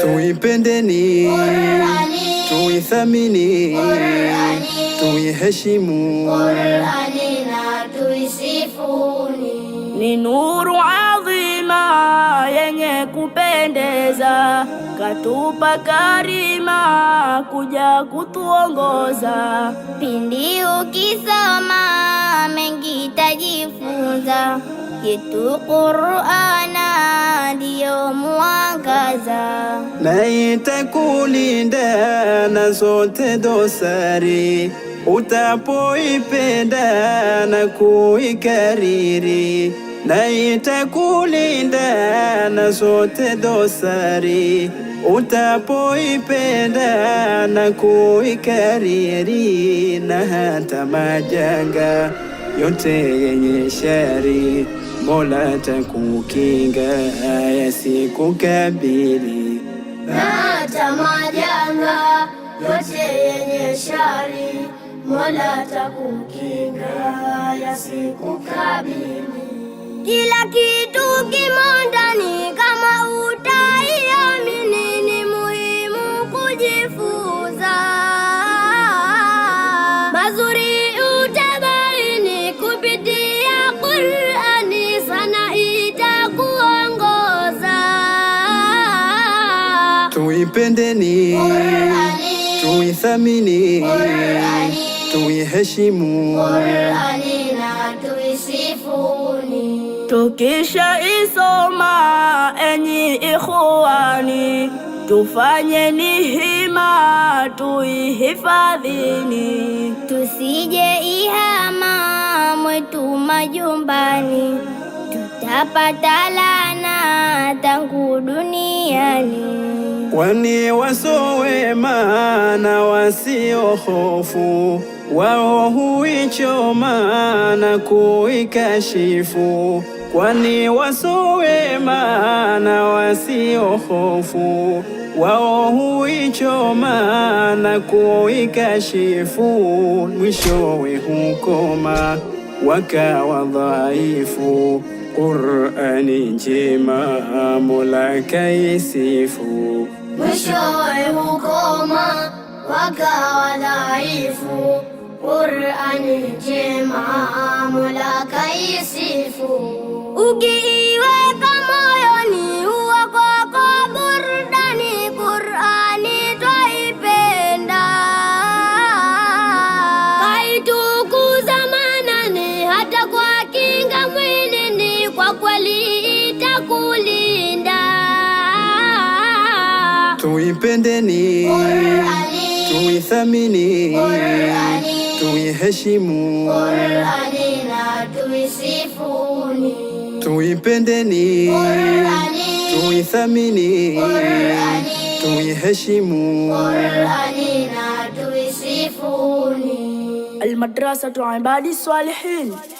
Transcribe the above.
Tuipendeni, tuithamini, tuiheshimu Ni nuru adhima yenye kupendeza, katupa karima kuja kutuongoza pindi ukisoma yetu Qur'ana ndiyo mwangaza na itakulinda na zote dosari utapoipenda na kuikariri na itakulinda na zote dosari utapoipenda na kuikariri na hata majanga yote yenye shari. Mola takukinga eh, na hata majanga yote yenye shari. Mola takukinga yasikukabili eh, kila kitu kimonda Tuipendeni, tuithamini, tuiheshimu, tuisifuni. Tukisha isoma, enyi ikhwani, tufanyeni hima, tuihifadhini, tusije ihama mwetu majumbani, tutapata laana tangu duniani kwani waso wema na wasio hofu wao huichoma na kuikashifu, kwani waso wema na wasio hofu wao huichoma na kuikashifu, mwishowe hukoma wakawa dhaifu. Qur'ani njema Mola kaisifu mwishowe hukoma wakawa dhaifu. Qur'ani njema mula kaisifu Tuipendeni, tuithamini, tuiheshimu, tuipendeni, tuithamini, tuiheshimu. Almadrasatu Ibadi Salihin.